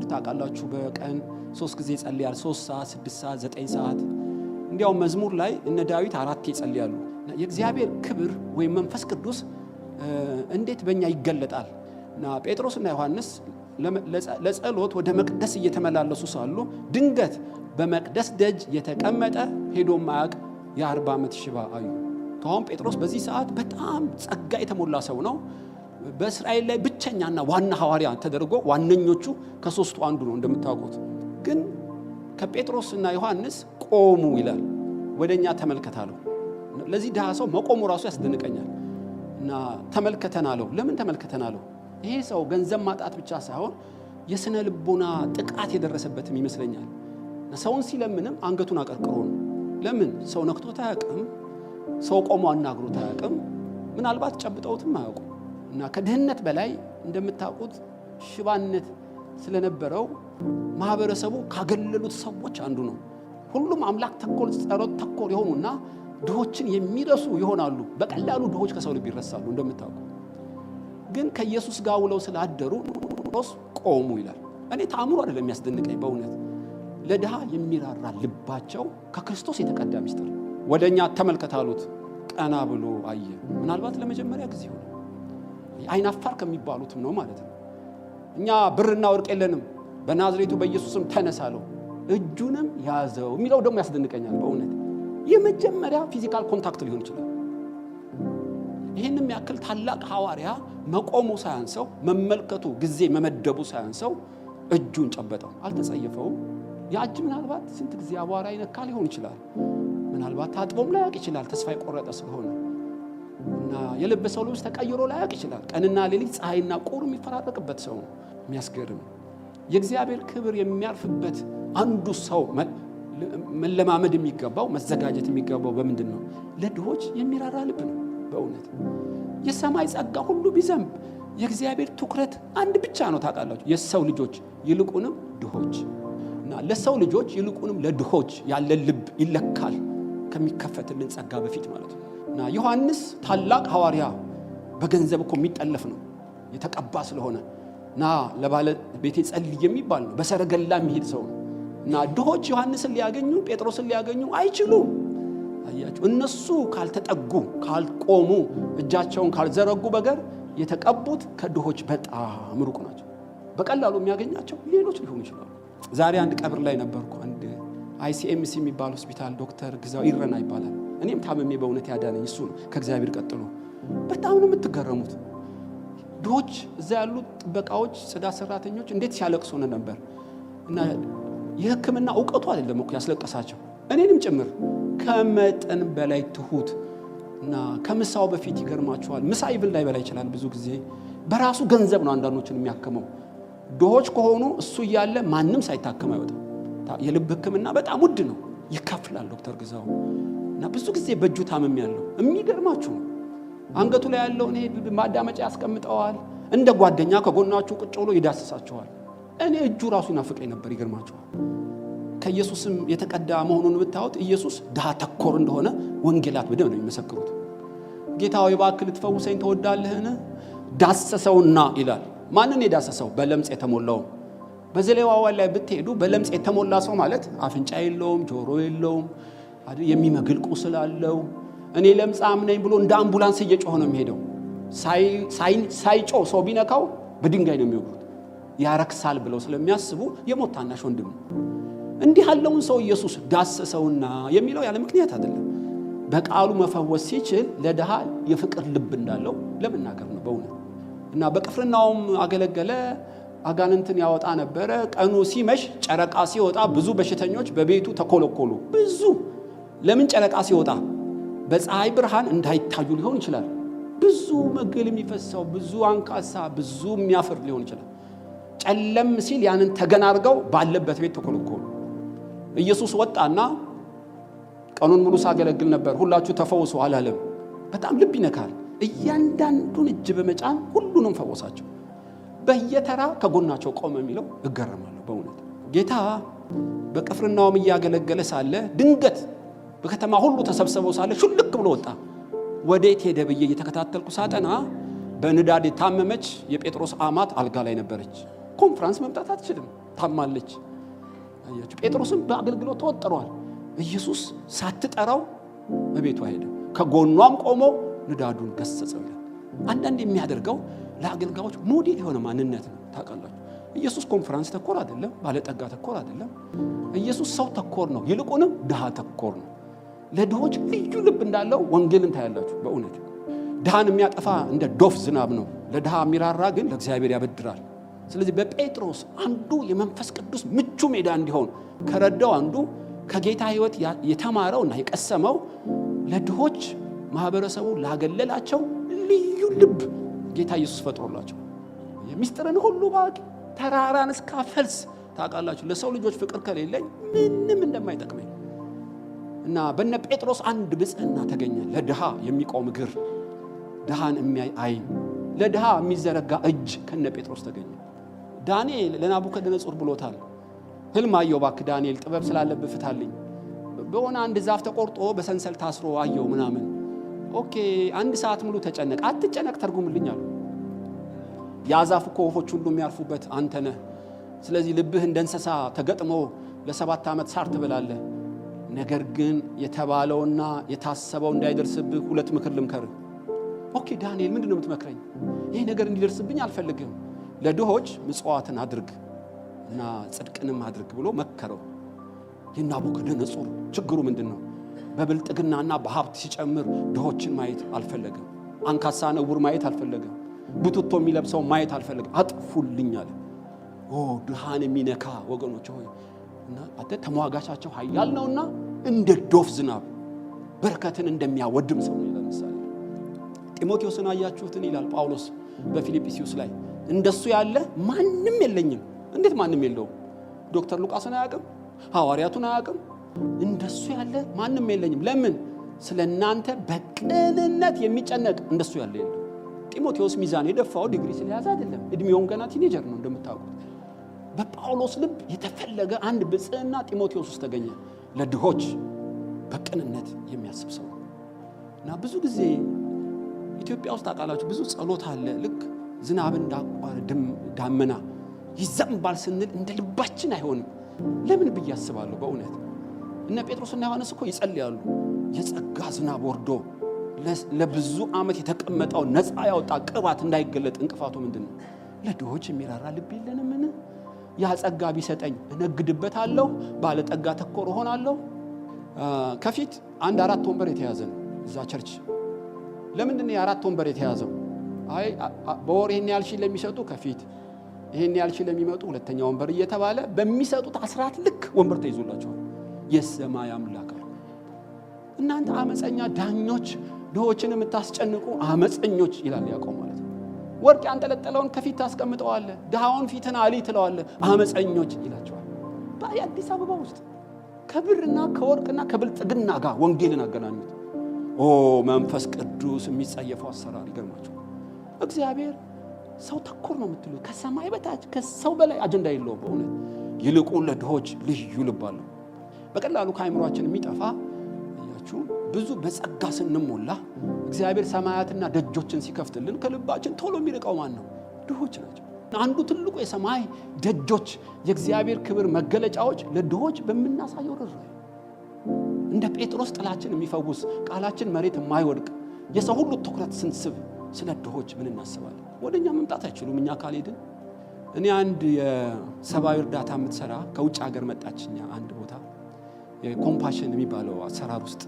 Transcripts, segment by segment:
እሁድ ታውቃላችሁ በቀን ሶስት ጊዜ ይጸልያል። ሶስት ሰዓት፣ ስድስት ሰዓት፣ ዘጠኝ ሰዓት እንዲያውም መዝሙር ላይ እነ ዳዊት አራት ይጸልያሉ። የእግዚአብሔር ክብር ወይም መንፈስ ቅዱስ እንዴት በእኛ ይገለጣል? እና ጴጥሮስና ዮሐንስ ለጸሎት ወደ መቅደስ እየተመላለሱ ሳሉ ድንገት በመቅደስ ደጅ የተቀመጠ ሄዶ ማያቅ የአርባ ዓመት ሽባ አዩ። ከአሁን ጴጥሮስ በዚህ ሰዓት በጣም ጸጋ የተሞላ ሰው ነው። በእስራኤል ላይ ብቸኛና ዋና ሐዋርያ ተደርጎ ዋነኞቹ ከሶስቱ አንዱ ነው እንደምታውቁት። ግን ከጴጥሮስ እና ዮሐንስ ቆሙ ይላል። ወደ እኛ አለው። ለዚህ ድሃ ሰው መቆሙ ራሱ ያስደንቀኛል። እና ተመልከተን አለው። ለምን ተመልከተን አለው? ይሄ ሰው ገንዘብ ማጣት ብቻ ሳይሆን የስነ ልቦና ጥቃት የደረሰበትም ይመስለኛል። ሰውን ሲለምንም አንገቱን አቀርቅሮ ነው። ለምን ሰው ነክቶት አያውቅም። ሰው ቆሞ አናግሮት አያውቅም። ምናልባት ጨብጠውትም አያውቁም። እና ከድህነት በላይ እንደምታውቁት ሽባነት ስለነበረው ማህበረሰቡ ካገለሉት ሰዎች አንዱ ነው። ሁሉም አምላክ ተኮር ጸሎት ተኮር የሆኑና ድሆችን የሚረሱ ይሆናሉ። በቀላሉ ድሆች ከሰው ልብ ይረሳሉ። እንደምታውቁ ግን ከኢየሱስ ጋር ውለው ስላደሩ ሮስ ቆሙ ይላል። እኔ ተአምሮ አይደለም የሚያስደንቀኝ፣ በእውነት ለድሃ የሚራራ ልባቸው ከክርስቶስ የተቀዳ ሚስጥር ወደ እኛ ተመልከት አሉት። ቀና ብሎ አየ። ምናልባት ለመጀመሪያ ጊዜ ሆነ። አይናፋር ከሚባሉትም ነው ማለት ነው። እኛ ብርና ወርቅ የለንም፣ በናዝሬቱ በኢየሱስም ተነሳለው እጁንም ያዘው የሚለው ደግሞ ያስደንቀኛል በእውነት የመጀመሪያ ፊዚካል ኮንታክት ሊሆን ይችላል። ይህንም ያክል ታላቅ ሐዋርያ መቆሙ ሳያንሰው መመልከቱ ጊዜ መመደቡ ሳያንሰው እጁን ጨበጠው፣ አልተጸየፈውም። ያ ምናልባት ስንት ጊዜ አቧራ ይነካ ሊሆን ይችላል። ምናልባት ታጥቦም ላያቅ ይችላል፣ ተስፋ የቆረጠ ስለሆነ ነውና የለበሰው ልብስ ተቀይሮ ላያውቅ ይችላል። ቀንና ሌሊት ፀሐይና ቁር የሚፈራረቅበት ሰው ነው። የሚያስገርም የእግዚአብሔር ክብር የሚያርፍበት አንዱ ሰው መለማመድ የሚገባው መዘጋጀት የሚገባው በምንድን ነው? ለድሆች የሚራራ ልብ ነው። በእውነት የሰማይ ጸጋ ሁሉ ቢዘንብ የእግዚአብሔር ትኩረት አንድ ብቻ ነው። ታውቃላችሁ፣ የሰው ልጆች ይልቁንም ድሆች እና ለሰው ልጆች ይልቁንም ለድሆች ያለ ልብ ይለካል ከሚከፈትልን ጸጋ በፊት ማለት ነው። እና ዮሐንስ ታላቅ ሐዋርያ በገንዘብ እኮ የሚጠለፍ ነው የተቀባ ስለሆነ እና ለባለ ቤቴ ጸልይ የሚባል ነው። በሰረገላ የሚሄድ ሰው ነው እና ድሆች ዮሐንስን ሊያገኙ ጴጥሮስን ሊያገኙ አይችሉ አያቸው እነሱ ካልተጠጉ ካልቆሙ፣ እጃቸውን ካልዘረጉ በገር የተቀቡት ከድሆች በጣም ሩቅ ናቸው። በቀላሉ የሚያገኛቸው ሌሎች ሊሆኑ ይችላሉ። ዛሬ አንድ ቀብር ላይ ነበርኩ። አንድ አይሲኤምሲ የሚባል ሆስፒታል ዶክተር ግዛው ይረና ይባላል እኔም ታምሜ በእውነት ያዳነኝ እሱ ነው ከእግዚአብሔር ቀጥሎ። በጣም ነው የምትገረሙት። ድሆች እዛ ያሉ ጥበቃዎች፣ ጽዳት ሰራተኞች እንዴት ሲያለቅሱ ነበር እና የህክምና እውቀቱ አይደለም እኮ ያስለቀሳቸው እኔንም ጭምር ከመጠን በላይ ትሁት እና ከምሳው በፊት ይገርማችኋል፣ ምሳ ይብል ላይ በላይ ይችላል። ብዙ ጊዜ በራሱ ገንዘብ ነው አንዳንዶችን የሚያክመው። ድሆች ከሆኑ እሱ እያለ ማንም ሳይታከም አይወጣም። የልብ ህክምና በጣም ውድ ነው፣ ይከፍላል ዶክተር ግዛው እና ብዙ ጊዜ በእጁ ታመም ያለው የሚገርማችሁ ነው። አንገቱ ላይ ያለውን ማዳመጫ ያስቀምጠዋል። እንደ ጓደኛ ከጎናችሁ ቁጭ ብሎ ይዳስሳችኋል። እኔ እጁ ራሱ ይናፍቀኝ ነበር። ይገርማችኋል። ከኢየሱስም የተቀዳ መሆኑን ብታዩት ኢየሱስ ድሃ ተኮር እንደሆነ ወንጌላት በደንብ ነው የሚመሰክሩት። ጌታ ሆይ እባክህ ልትፈውሰኝ ተወዳለህን? ዳሰሰውና ይላል። ማንን የዳሰሰው? በለምጽ የተሞላውን። በዘሌዋውያን ላይ ብትሄዱ በለምጽ የተሞላ ሰው ማለት አፍንጫ የለውም፣ ጆሮ የለውም የሚመግል ቁስል አለው። እኔ ለምጻም ነኝ ብሎ እንደ አምቡላንስ እየጮኸ ነው የሚሄደው። ሳይጮ ሰው ቢነካው በድንጋይ ነው የሚወግሩት። ያረክሳል ብለው ስለሚያስቡ የሞት ታናሽ ወንድም ነው። እንዲህ ያለውን ሰው ኢየሱስ ዳሰሰውና የሚለው ያለ ምክንያት አይደለም። በቃሉ መፈወስ ሲችል ለድሃ የፍቅር ልብ እንዳለው ለመናገር ነው በእውነት እና በቅፍርናውም አገለገለ። አጋንንትን ያወጣ ነበረ። ቀኑ ሲመሽ ጨረቃ ሲወጣ ብዙ በሽተኞች በቤቱ ተኮለኮሉ ብዙ ለምን ጨረቃ ሲወጣ በፀሐይ ብርሃን እንዳይታዩ ሊሆን ይችላል። ብዙ መግል የሚፈሳው ብዙ አንካሳ ብዙ የሚያፍር ሊሆን ይችላል። ጨለም ሲል ያንን ተገናርገው ባለበት ቤት ተኮለኮሉ። ኢየሱስ ወጣና ቀኑን ሙሉ ሳገለግል ነበር፣ ሁላችሁ ተፈውሶ አላለም። በጣም ልብ ይነካል። እያንዳንዱን እጅ በመጫን ሁሉንም ፈወሳቸው። በየተራ ከጎናቸው ቆመ የሚለው እገረማለሁ። በእውነት ጌታ በቅፍርናውም እያገለገለ ሳለ ድንገት በከተማ ሁሉ ተሰብስበው ሳለ ሹልክ ብሎ ወጣ። ወዴት ሄደ ብዬ እየተከታተልኩ ሳጠና በንዳድ የታመመች የጴጥሮስ አማት አልጋ ላይ ነበረች። ኮንፍራንስ መምጣት አትችልም፣ ታማለች። አያችሁ፣ ጴጥሮስም በአገልግሎት ተወጥሯል። ኢየሱስ ሳትጠራው በቤቷ ሄደ። ከጎኗም ቆሞ ንዳዱን ገሰጸው ይላል። አንዳንድ የሚያደርገው ለአገልጋዮች ሞዴል የሆነ ማንነት ነው። ታውቃላችሁ፣ ኢየሱስ ኮንፍራንስ ተኮር አይደለም፣ ባለጠጋ ተኮር አይደለም። ኢየሱስ ሰው ተኮር ነው፣ ይልቁንም ድሃ ተኮር ነው። ለድሆች ልዩ ልብ እንዳለው ወንጌልን ታያላችሁ። በእውነት ድሃን የሚያጠፋ እንደ ዶፍ ዝናብ ነው። ለድሃ የሚራራ ግን ለእግዚአብሔር ያበድራል። ስለዚህ በጴጥሮስ አንዱ የመንፈስ ቅዱስ ምቹ ሜዳ እንዲሆን ከረዳው አንዱ ከጌታ ሕይወት የተማረው እና የቀሰመው ለድሆች ማህበረሰቡ ላገለላቸው ልዩ ልብ ጌታ ኢየሱስ ፈጥሮላቸው የሚስጥርን ሁሉ ባቂ ተራራን እስካፈልስ ታውቃላችሁ። ለሰው ልጆች ፍቅር ከሌለኝ ምንም እንደማይጠቅመኝ እና በነ ጴጥሮስ አንድ ብጽዕና ተገኘ። ለድሃ የሚቆም እግር፣ ድሃን የሚያይ አይን ለድሃ የሚዘረጋ እጅ ከነ ጴጥሮስ ተገኘ። ዳንኤል ለናቡከደነጾር ብሎታል። ህልም አየሁ፣ እባክህ ዳንኤል ጥበብ ስላለብህ ፍታልኝ። በሆነ አንድ ዛፍ ተቆርጦ በሰንሰል ታስሮ አየው ምናምን። ኦኬ አንድ ሰዓት ሙሉ ተጨነቅ። አትጨነቅ፣ ተርጉምልኝ አሉ። ያ ዛፍ እኮ ወፎች ሁሉ የሚያርፉበት አንተ ነህ። ስለዚህ ልብህ እንደ እንስሳ ተገጥሞ ለሰባት ዓመት ሳር ትብላለህ ነገር ግን የተባለውና የታሰበው እንዳይደርስብህ ሁለት ምክር ልምከርህ። ኦኬ ዳንኤል፣ ምንድን ነው የምትመክረኝ? ይህ ነገር እንዲደርስብኝ አልፈልግም። ለድሆች ምጽዋትን አድርግ እና ጽድቅንም አድርግ ብሎ መከረው። የናቡከደነጾር ችግሩ ምንድን ነው? በብልጥግናና በሀብት ሲጨምር ድሆችን ማየት አልፈለገም። አንካሳ ነውር ማየት አልፈለግም ቡትቶ የሚለብሰው ማየት አልፈለግም አጥፉልኝ አለ። ድሃን የሚነካ ወገኖች ሆይ አንተ ተሟጋቻቸው ኃያል ነውና እንደ ዶፍ ዝናብ በረከትን እንደሚያወድም ሰው ነው። ለምሳሌ ጢሞቴዎስን አያችሁትን ይላል ጳውሎስ በፊልጵስዩስ ላይ እንደሱ ያለ ማንም የለኝም። እንዴት ማንም የለውም? ዶክተር ሉቃስን አያውቅም፣ ሐዋርያቱን አያውቅም። እንደሱ ያለ ማንም የለኝም። ለምን? ስለ እናንተ በቅንነት የሚጨነቅ እንደሱ ያለ የለም። ጢሞቴዎስ ሚዛን የደፋው ዲግሪ ስለያዘ አይደለም። እድሜውን ገና ቲኔጀር ነው እንደምታውቁት በጳውሎስ ልብ የተፈለገ አንድ ብፅዕና ጢሞቴዎስ ውስጥ ተገኘ። ለድሆች በቅንነት የሚያስብ ሰው እና ብዙ ጊዜ ኢትዮጵያ ውስጥ አቃላችሁ ብዙ ጸሎት አለ። ልክ ዝናብ እንዳቋረ ዳመና ይዘንባል ስንል እንደ ልባችን አይሆንም። ለምን ብዬ አስባለሁ። በእውነት እነ ጴጥሮስና ዮሐንስ እኮ ይጸልያሉ። የጸጋ ዝናብ ወርዶ ለብዙ ዓመት የተቀመጠው ነፃ ያወጣ ቅባት እንዳይገለጥ እንቅፋቱ ምንድን ነው? ለድሆች የሚራራ ልብ የለንምን? ያ ጸጋ ቢሰጠኝ እነግድበታለሁ፣ ባለጠጋ ተኮር እሆናለሁ። ከፊት አንድ አራት ወንበር የተያዘ ነው እዛ ቸርች። ለምንድን የአራት ወንበር የተያዘው? አይ በወር ይህን ያልሺ ለሚሰጡ ከፊት ይህን ያልሺ ለሚመጡ ሁለተኛ ወንበር እየተባለ በሚሰጡት አስራት ልክ ወንበር ተይዞላቸዋል። የሰማይ አምላክ እናንተ አመፀኛ ዳኞች፣ ድሆችን የምታስጨንቁ አመፀኞች ይላል ያቆማል። ወርቅ ያንጠለጠለውን ከፊት ታስቀምጠዋለ፣ ድሃውን ፊትን አሊ ትለዋለ። አመፀኞች ይላቸዋል። በአዲስ አበባ ውስጥ ከብርና ከወርቅና ከብልጽግና ጋር ወንጌልን አገናኙት። ኦ መንፈስ ቅዱስ የሚጸየፈው አሰራር ይገርማቸው። እግዚአብሔር ሰው ተኮር ነው የምትሉት ከሰማይ በታች ከሰው በላይ አጀንዳ የለውም። በእውነት ይልቁን ለድሆች ልዩ ልብ አለው። በቀላሉ ከአይምሯችን የሚጠፋ እያችሁ ብዙ በጸጋ ስንሞላ እግዚአብሔር ሰማያትና ደጆችን ሲከፍትልን ከልባችን ቶሎ የሚርቀው ማን ነው? ድሆች ናቸው። አንዱ ትልቁ የሰማይ ደጆች የእግዚአብሔር ክብር መገለጫዎች ለድሆች በምናሳየው ርኅራኄ እንደ ጴጥሮስ ጥላችን የሚፈውስ ቃላችን መሬት የማይወድቅ የሰው ሁሉ ትኩረት ስንስብ ስለ ድሆች ምን እናስባለን? ወደ እኛ መምጣት አይችሉም። እኛ ካልሄድን እኔ አንድ የሰብአዊ እርዳታ የምትሰራ ከውጭ ሀገር መጣችኛ አንድ ቦታ የኮምፓሽን የሚባለው አሰራር ውስጥ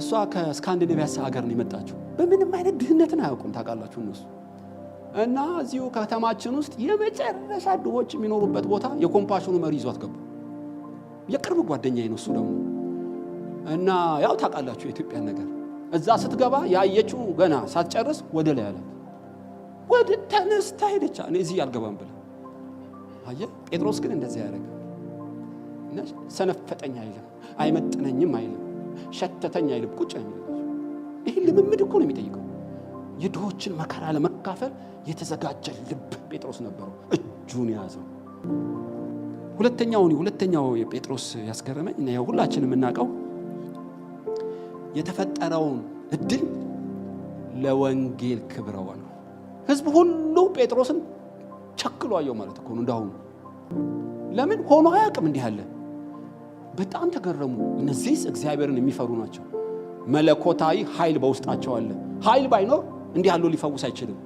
እሷ ከስካንዲኔቪያ ሀገር ነው የመጣችው። በምንም አይነት ድህነትን አያውቁም። ታውቃላችሁ እነሱ እና እዚሁ ከተማችን ውስጥ የመጨረሻ ድሆች የሚኖሩበት ቦታ የኮምፓሽኑ መሪ ይዟት ገቡ። የቅርብ ጓደኛ ነው እሱ ደግሞ እና ያው ታውቃላችሁ የኢትዮጵያን ነገር እዛ ስትገባ ያየችው ገና ሳትጨርስ ወደ ላይ አላት። ወደ ተነስታ ሄደች። እኔ እዚህ አልገባም ብለ አየ። ጴጥሮስ ግን እንደዚህ ያደረገ ሰነፈጠኝ አይልም፣ አይመጥነኝም አይልም ሸተተኝ አይልም፣ ቁጭ ነው። ይህ ልምምድ እኮ ነው የሚጠይቀው። የድሆችን መከራ ለመካፈል የተዘጋጀ ልብ ጴጥሮስ ነበረው፣ እጁን የያዘው። ሁለተኛው ሁለተኛው የጴጥሮስ ያስገረመኝ እና ሁላችን የምናውቀው የተፈጠረውን እድል ለወንጌል ክብረዋ ነው። ህዝብ ሁሉ ጴጥሮስን ቸክሎ አየው ማለት እኮ ነው። እንዳሁኑ ለምን ሆኖ አያውቅም እንዲህ በጣም ተገረሙ። እነዚህስ እግዚአብሔርን የሚፈሩ ናቸው። መለኮታዊ ኃይል በውስጣቸው አለ። ኃይል ባይኖር እንዲህ ያለው ሊፈውስ አይችልም።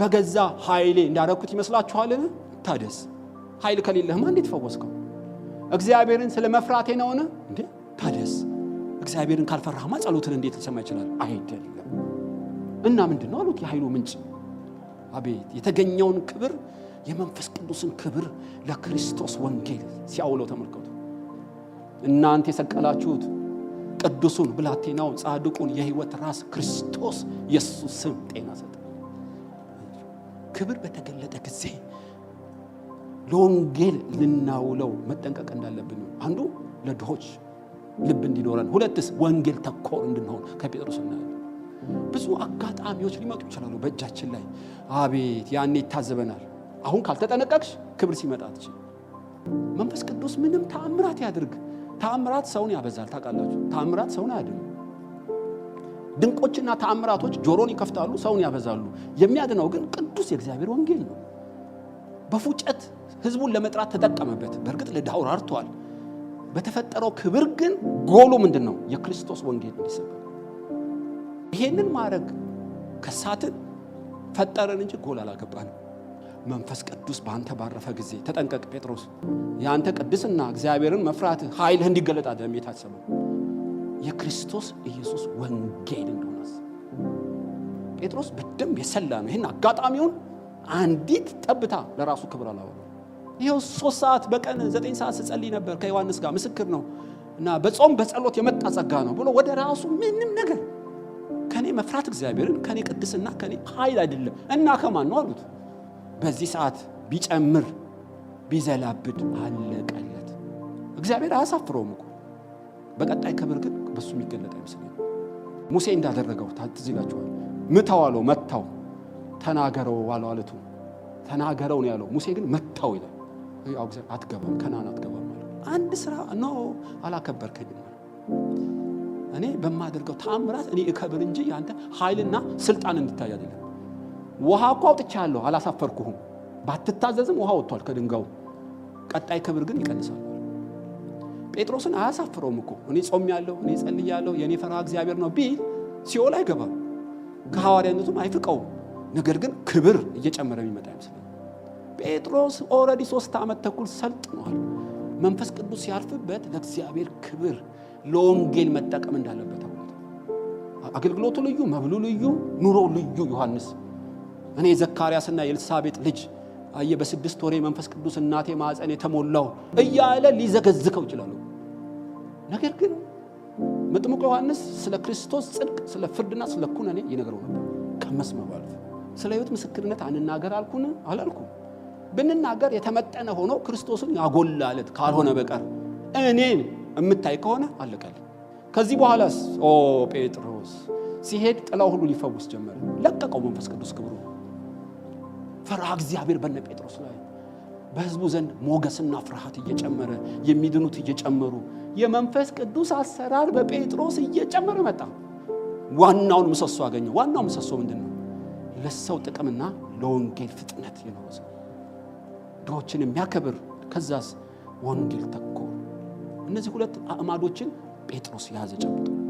በገዛ ኃይሌ እንዳረኩት ይመስላችኋልን? ታደስ ኃይል ከሌለህማ እንዴት ፈወስከው? እግዚአብሔርን ስለ መፍራቴ ነውን? እንዴ ታደስ እግዚአብሔርን ካልፈራህማ ጸሎትን እንዴት ሊሰማ ይችላል? አይደለም እና ምንድን ነው አሉት። የኃይሉ ምንጭ አቤት! የተገኘውን ክብር የመንፈስ ቅዱስን ክብር ለክርስቶስ ወንጌል ሲያውለው ተመልከቱ። እናንተ የሰቀላችሁት ቅዱሱን ብላቴናው ጻድቁን የህይወት ራስ ክርስቶስ ኢየሱስ ስም ጤና ሰጠ። ክብር በተገለጠ ጊዜ ለወንጌል ልናውለው መጠንቀቅ እንዳለብን አንዱ ለድሆች ልብ እንዲኖረን፣ ሁለትስ ወንጌል ተኮር እንድንሆን ከጴጥሮስ እናያለን። ብዙ አጋጣሚዎች ሊመጡ ይችላሉ በእጃችን ላይ አቤት ያኔ ይታዘበናል። አሁን ካልተጠነቀቅሽ ክብር ሲመጣ ትችል መንፈስ ቅዱስ ምንም ተአምራት ያድርግ ታምራት ሰውን ያበዛል። ታውቃላችሁ፣ ታምራት ሰውን አያድንም። ድንቆችና ታምራቶች ጆሮን ይከፍታሉ፣ ሰውን ያበዛሉ። የሚያድነው ግን ቅዱስ የእግዚአብሔር ወንጌል ነው። በፉጨት ህዝቡን ለመጥራት ተጠቀመበት። በእርግጥ ለዳውር አርቷል። በተፈጠረው ክብር ግን ጎሉ ምንድን ነው? የክርስቶስ ወንጌል እንዲሰበክ። ይሄንን ማድረግ ከሳትን ፈጠረን እንጂ ጎል አላገባንም። መንፈስ ቅዱስ በአንተ ባረፈ ጊዜ ተጠንቀቅ ጴጥሮስ። የአንተ ቅድስና እግዚአብሔርን መፍራት ኃይልህ እንዲገለጥ አደም የታሰበ የክርስቶስ ኢየሱስ ወንጌል እንደሆነ ጴጥሮስ በደንብ የሰላ ነው። ይህን አጋጣሚውን አንዲት ጠብታ ለራሱ ክብር አላወራም። ይኸው ሶስት ሰዓት በቀን ዘጠኝ ሰዓት ስጸልይ ነበር ከዮሐንስ ጋር ምስክር ነው እና በጾም በጸሎት የመጣ ጸጋ ነው ብሎ ወደ ራሱ ምንም ነገር ከኔ መፍራት እግዚአብሔርን ከኔ ቅድስና ከኔ ኃይል አይደለም እና ከማን ነው አሉት። በዚህ ሰዓት ቢጨምር ቢዘላብድ አለቀለት። እግዚአብሔር አያሳፍረውም እኮ። በቀጣይ ክብር ግን በሱ የሚገለጥ አይመስለኝ። ሙሴ እንዳደረገው ትዝ ይላችኋል። ምታው አለው፣ መታው። ተናገረው አለው፣ አለቱ ተናገረው ነው ያለው። ሙሴ ግን መታው ይላል። አትገባም፣ ከናን አትገባም። አንድ ስራ ኖ አላከበርከኝም። እኔ በማደርገው ተአምራት እኔ እከብር እንጂ ያንተ ኃይልና ስልጣን እንድታይ አይደለም። ውሃ እኮ አውጥቻለሁ፣ አላሳፈርኩህም። ባትታዘዝም ውሃ ወጥቷል ከድንጋዩ። ቀጣይ ክብር ግን ይቀንሳል። ጴጥሮስን አያሳፍረውም እኮ እኔ ያለሁ እኔ ጸልያለሁ፣ የእኔ ፈርሃ እግዚአብሔር ነው ቢል ሲኦል አይገባም፣ ከሐዋርያነቱም አይፍቀውም። ነገር ግን ክብር እየጨመረ የሚመጣ ይመስላል። ጴጥሮስ ኦልሬዲ ሶስት ዓመት ተኩል ሰልጥኗል። መንፈስ ቅዱስ ሲያርፍበት ለእግዚአብሔር ክብር ለወንጌል መጠቀም እንዳለበት አገልግሎቱ ልዩ፣ መብሉ ልዩ፣ ኑሮ ልዩ ዮሐንስ እኔ የዘካርያስና የኤልሳቤጥ ልጅ አየ በስድስት ወሬ መንፈስ ቅዱስ እናቴ ማዕፀን የተሞላው እያለ ሊዘገዝከው ይችላሉ። ነገር ግን መጥምቁ ዮሐንስ ስለ ክርስቶስ ጽድቅ፣ ስለ ፍርድና ስለ ኩነኔ ይነግረው ነበር። ቀመስ መባለት ስለ ሕይወት ምስክርነት አንናገር አልኩን አላልኩም። ብንናገር የተመጠነ ሆኖ ክርስቶስን ያጎላለት ካልሆነ በቀር እኔን የምታይ ከሆነ አለቀል። ከዚህ በኋላስ ኦ ጴጥሮስ ሲሄድ ጥላው ሁሉ ሊፈውስ ጀመረ። ለቀቀው መንፈስ ቅዱስ ክብሩ ፈሪሃ እግዚአብሔር በነ ጴጥሮስ ላይ በህዝቡ ዘንድ ሞገስና ፍርሃት እየጨመረ የሚድኑት እየጨመሩ የመንፈስ ቅዱስ አሰራር በጴጥሮስ እየጨመረ መጣ። ዋናውን ምሰሶ አገኘ። ዋናው ምሰሶ ምንድን ነው? ለሰው ጥቅምና ለወንጌል ፍጥነት የኖረ ሰው ድሆችን የሚያከብር ከዛስ ወንጌል ተኮር። እነዚህ ሁለት አእማዶችን ጴጥሮስ የያዘ ጨብጦ